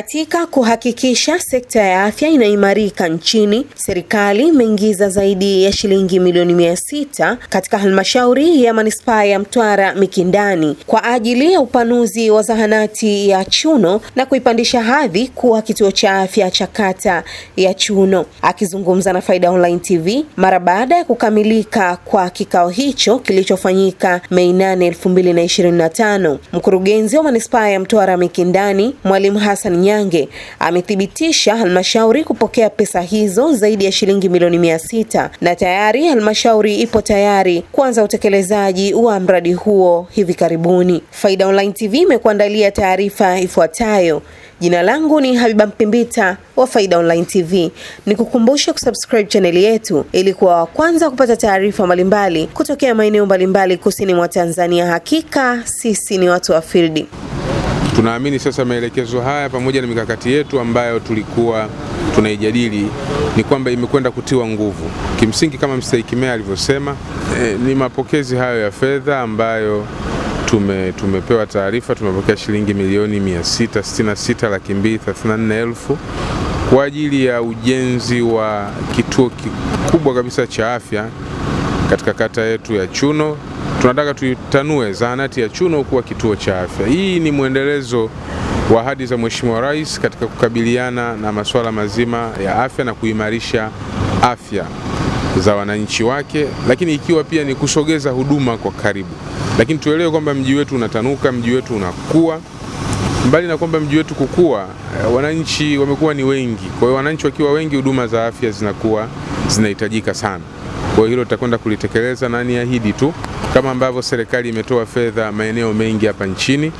Katika kuhakikisha sekta ya afya inaimarika nchini, serikali imeingiza zaidi ya shilingi milioni mia sita katika halmashauri ya manispaa ya Mtwara Mikindani kwa ajili ya upanuzi wa zahanati ya Chuno na kuipandisha hadhi kuwa kituo cha afya cha kata ya Chuno. Akizungumza na Faida Online TV mara baada ya kukamilika kwa kikao hicho kilichofanyika Mei 8, 2025, mkurugenzi wa manispaa ya Mtwara Mikindani Mwalimu Hassan Kinyange amethibitisha halmashauri kupokea pesa hizo zaidi ya shilingi milioni mia sita na tayari halmashauri ipo tayari kuanza utekelezaji wa mradi huo hivi karibuni. Faida Online TV imekuandalia taarifa ifuatayo. Jina langu ni Habiba Mpimbita wa Faida Online TV. Nikukumbusha kusubscribe chaneli yetu ili kuwa wa kwanza kupata taarifa mbalimbali kutokea maeneo mbalimbali kusini mwa Tanzania. Hakika sisi ni watu wa field. Tunaamini sasa maelekezo haya pamoja na mikakati yetu ambayo tulikuwa tunaijadili ni kwamba imekwenda kutiwa nguvu. Kimsingi kama Mstahiki Meya alivyosema, e, ni mapokezi hayo ya fedha ambayo tume, tumepewa taarifa, tumepokea shilingi milioni 666 laki elfu kwa ajili ya ujenzi wa kituo kikubwa kabisa cha afya katika kata yetu ya Chuno tunataka tuitanue zahanati ya Chuno kuwa kituo cha afya. Hii ni mwendelezo wa ahadi za Mheshimiwa Rais katika kukabiliana na masuala mazima ya afya na kuimarisha afya za wananchi wake, lakini ikiwa pia ni kusogeza huduma kwa karibu. Lakini tuelewe kwamba mji wetu unatanuka, mji wetu unakua. Mbali na kwamba mji wetu kukua, eh, wananchi wamekuwa ni wengi. Kwa hiyo wananchi wakiwa wengi, huduma za afya zinakuwa zinahitajika sana. Kwa hilo tutakwenda kulitekeleza na niahidi tu kama ambavyo serikali imetoa fedha maeneo mengi hapa nchini,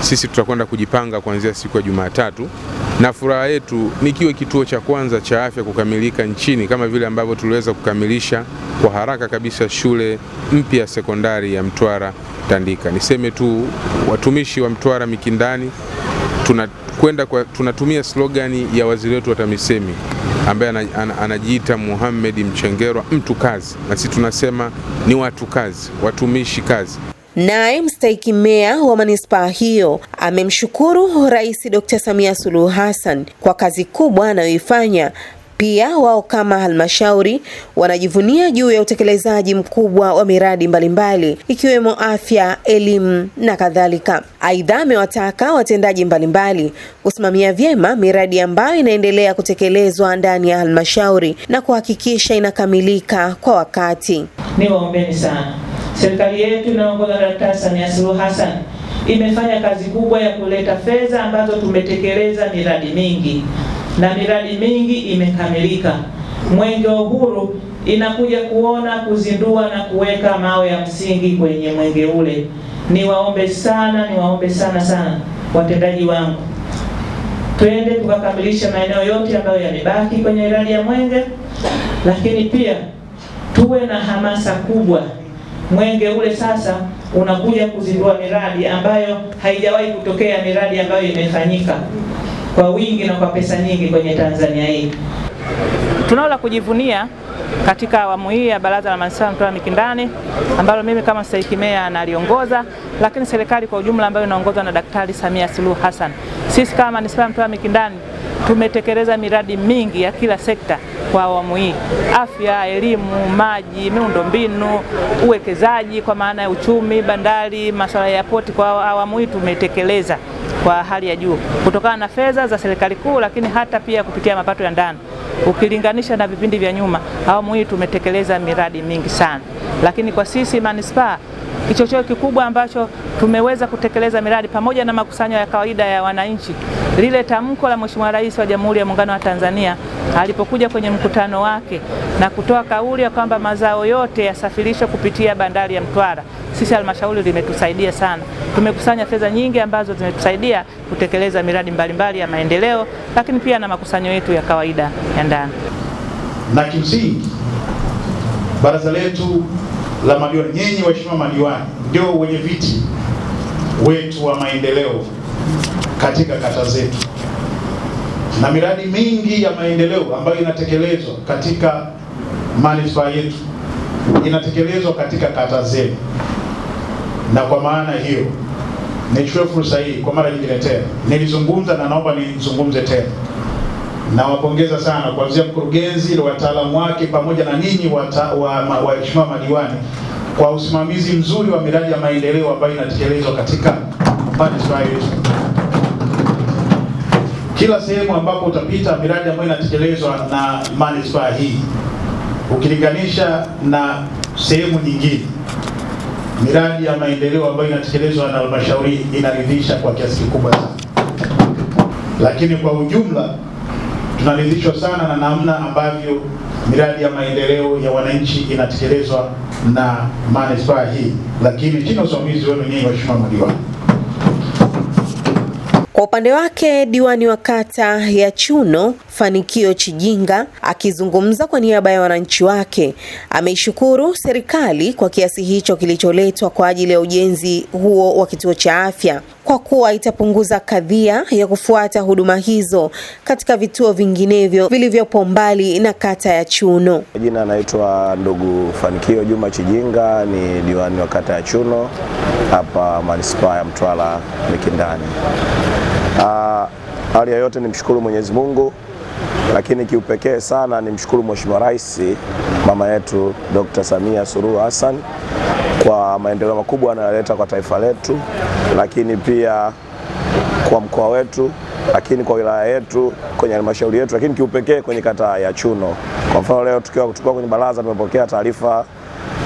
sisi tutakwenda kujipanga kuanzia siku ya Jumatatu, na furaha yetu ni kiwe kituo cha kwanza cha afya kukamilika nchini kama vile ambavyo tuliweza kukamilisha kwa haraka kabisa shule mpya ya sekondari ya Mtwara Tandika. Niseme tu watumishi wa Mtwara Mikindani, tunakwenda kwa tunatumia slogani ya waziri wetu wa TAMISEMI ambaye anajiita Muhammad Mchengerwa, mtu kazi, na sisi tunasema ni watu kazi, watumishi kazi. Naye mstahiki meya wa manispaa hiyo amemshukuru Rais Dr. Samia Suluhu Hassan kwa kazi kubwa anayoifanya pia wao kama halmashauri wanajivunia juu ya utekelezaji mkubwa wa miradi mbalimbali ikiwemo afya, elimu na kadhalika. Aidha, amewataka watendaji mbalimbali kusimamia vyema miradi ambayo inaendelea kutekelezwa ndani ya halmashauri na kuhakikisha inakamilika kwa wakati. Ni waombeni sana serikali yetu inayoongozwa na Daktari Samia Suluhu Hassan imefanya kazi kubwa ya kuleta fedha ambazo tumetekeleza miradi mingi na miradi mingi imekamilika. Mwenge wa Uhuru inakuja kuona kuzindua na kuweka mawe ya msingi kwenye mwenge ule. Niwaombe sana, niwaombe sana sana watendaji wangu, twende tukakamilisha maeneo yote ambayo yamebaki kwenye miradi ya mwenge, lakini pia tuwe na hamasa kubwa. Mwenge ule sasa unakuja kuzindua miradi ambayo haijawahi kutokea, miradi ambayo imefanyika kwa wingi na kwa pesa nyingi kwenye Tanzania hii. Tunao la kujivunia katika awamu hii ya Baraza la Manispaa ya Mikindani ambalo mimi kama stahiki meya naliongoza, lakini serikali kwa ujumla ambayo inaongozwa na Daktari Samia Suluhu Hassan. Sisi kama Manispaa ya Mtwara Mikindani tumetekeleza miradi mingi ya kila sekta kwa awamu hii: afya, elimu, maji, miundombinu, uwekezaji kwa maana ya uchumi, bandari, masuala ya poti. Kwa awamu hii tumetekeleza kwa hali ya juu kutokana na fedha za serikali kuu, lakini hata pia kupitia mapato ya ndani ukilinganisha na vipindi vya nyuma. Awamu hii tumetekeleza miradi mingi sana, lakini kwa sisi manispaa kichocheo kikubwa ambacho tumeweza kutekeleza miradi pamoja na makusanyo ya kawaida ya wananchi, lile tamko la Mheshimiwa Rais wa Jamhuri ya Muungano wa Tanzania alipokuja kwenye mkutano wake na kutoa kauli ya kwamba mazao yote yasafirishwe kupitia bandari ya Mtwara sisi halmashauri limetusaidia sana. Tumekusanya fedha nyingi ambazo zimetusaidia kutekeleza miradi mbalimbali ya maendeleo, lakini pia na makusanyo yetu ya kawaida ya ndani. Na kimsingi baraza letu la madiwani, nyinyi waheshimiwa madiwani ndio wenye viti wetu wa maendeleo katika kata zetu, na miradi mingi ya maendeleo ambayo inatekelezwa katika manispaa yetu inatekelezwa katika kata zetu. Na kwa maana hiyo nichukue fursa hii kwa mara nyingine tena, nilizungumza na naomba nizungumze tena. Nawapongeza sana kuanzia mkurugenzi, wataalamu wake, pamoja na ninyi waheshimiwa madiwani kwa usimamizi mzuri wa miradi ya maendeleo ambayo inatekelezwa katika manispaa yetu. Kila sehemu ambapo utapita, miradi ambayo inatekelezwa na manispaa hii ukilinganisha na sehemu nyingine miradi ya maendeleo ambayo inatekelezwa na halmashauri inaridhisha kwa kiasi kikubwa sana, lakini kwa ujumla tunaridhishwa sana na namna ambavyo miradi ya maendeleo ya wananchi inatekelezwa na manispaa hii, lakini chini ya usimamizi wenu nyinyi waheshimiwa madiwani. Kwa upande wake diwani wa kata ya Chuno Fanikio Chijinga akizungumza kwa niaba ya wananchi wake ameishukuru serikali kwa kiasi hicho kilicholetwa kwa ajili ya ujenzi huo wa kituo cha afya kwa kuwa itapunguza kadhia ya kufuata huduma hizo katika vituo vinginevyo vilivyopo mbali na kata ya Chuno. Jina anaitwa ndugu Fanikio Juma Chijinga, ni diwani wa kata ya Chuno hapa manispaa ya Mtwara Mikindani. Ah, hali ya yote ni mshukuru Mwenyezi Mungu lakini kiupekee sana nimshukuru Mheshimiwa Rais mama yetu Dr. Samia Suluhu Hassan kwa maendeleo makubwa anayoleta kwa taifa letu, lakini pia kwa mkoa wetu, lakini kwa wilaya yetu, kwenye halmashauri yetu, lakini kiupekee kwenye kata ya Chuno. Kwa mfano leo tukiwa tukiwa kwenye baraza tumepokea taarifa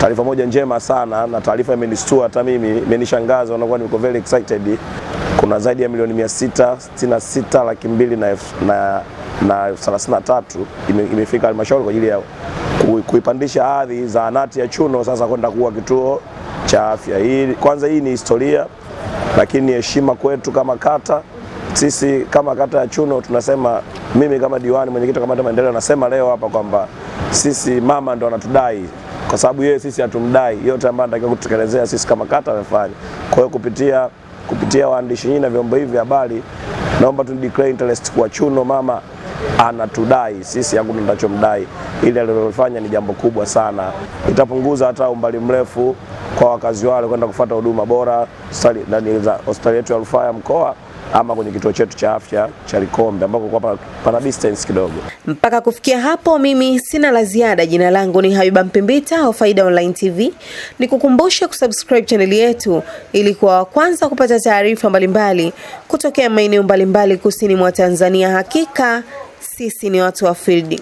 taarifa moja njema sana, na taarifa imenistua hata mimi, imenishangaza na niko very excited. Kuna zaidi ya milioni 666 laki mbili na na 33 imefika halmashauri kwa ajili ya kuipandisha hadhi zahanati ya Chuno sasa kwenda kuwa kituo cha afya. Hii kwanza, hii ni historia lakini ni heshima kwetu kama kata. Sisi kama kata ya Chuno tunasema, mimi kama diwani mwenyekiti wa kamati ya maendeleo nasema leo hapa kwamba sisi mama ndo anatudai kwa sababu yeye sisi hatumdai, yote ambayo anatakiwa kutekelezea sisi kama kata amefanya. Kwa hiyo kupitia kupitia waandishi nyinyi na vyombo hivi vya habari, naomba tu declare interest kwa Chuno mama anatudai sisi, hakuna tunachomdai. Ile alilofanya ni jambo kubwa sana, itapunguza hata umbali mrefu kwa wakazi wale kwenda kufata huduma bora ndani za hospitali yetu ya rufaa ya mkoa ama kwenye kituo chetu cha afya cha Likombe ambako kwa pana distance kidogo. Mpaka kufikia hapo, mimi sina la ziada. Jina langu ni Habiba Mpimbita wa Faida Online TV, ni kukumbusha kusubscribe chaneli yetu ili kuwa wa kwanza kupata taarifa mbalimbali kutokea maeneo mbalimbali kusini mwa Tanzania. Hakika sisi ni watu wa fielding.